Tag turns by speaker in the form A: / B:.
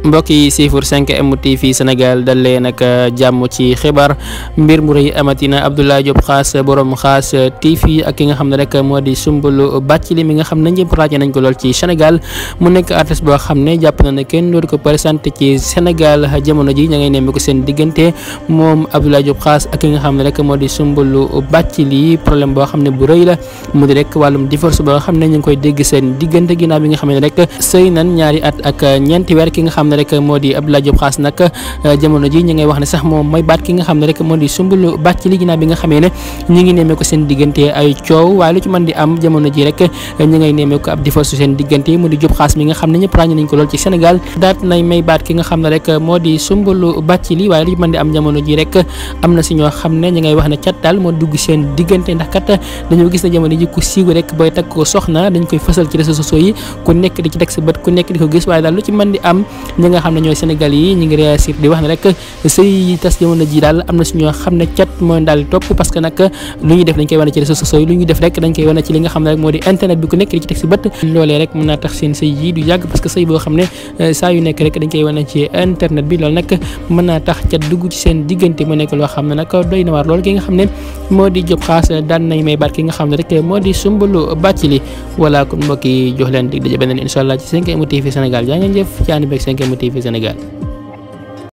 A: mbokk yi siifur 5M TV Sénégal dal leen ak jàmm ci xibaar mbir mu rëy amatina Abdoulaye Diop Khass borom Khass TV ak ki nga xam ne rek moo di Soumboulou Bathily mi nga xam ne ñëpp ràññee nañ ko lool ci Sénégal mu nekk boo xam ne jàpp na ne kenn dootu ko présenté ci Sénégal jamono ji ña ngay nemmi ko seen diggante moom Abdoulaye Diop Khass ak ki nga xam ne rek moo di Soumboulou Bathily problème boo xam ne bu rëy la mu di rek wàllum divorce boo xam ne ñu ngi koy dégg seen diggante ginnaaw bi nga xam ne rek sëy nan ñaari at ak ñeenti weer ki nga xam ne moo di Abdoulaye Diop Khass nag euh, jamono ji ñi ngay wax ne sax moom mooy baat ki nga xam ne rek moo di sumbulu baat ci li ginnaaw bi nga xamee ne ñi ngi nemee seen diggante ay coow waaye lu ci am jamono ji rek ñi ngay nemee ko ab divorce seen diggante mu di Diop Khass mi nga xam ne ñëpp ràññe nañ ko lool ci Sénégal daat nay may baat ki nga xam ne rek moo di sumbulu baat ci li waaye lu ci mën di am jamono ji rek am na si ñoo xam ne ñi ngay wax ne cat daal moo dugg seen diggante ndax kat dañoo gis na jamono ji ku siiw rek booy takk ko soxna dañ koy fasal ci réseaux sociaux yi ku nekk di ci teg sa bët ku nekk di ko gis waaye daal lu ci mën di am ñi nga xam ne ñooy Sénégal yi ñu ngi réussir di wax ne rek sëy yi tas jamono ji daal am na si ñoo xam ne cat mooy daal topp parce que nag lu ñuy def dañ koy wane ci ci internet bi loolu nag mën naa tax cat dugg ci seen diggante mu nekk loo xam ne nag doy na loolu ki nga xam ne moo di Jóob Xaas daan nañ may baat ki nga xam ne moo di Soumboulou Bathily wala kon mbokk yi jox leen dig daje beneen incha ci 5M TV Sénégal jaa ngeen jëf ci ànd beeg 5M Assalaamy TV Sénégal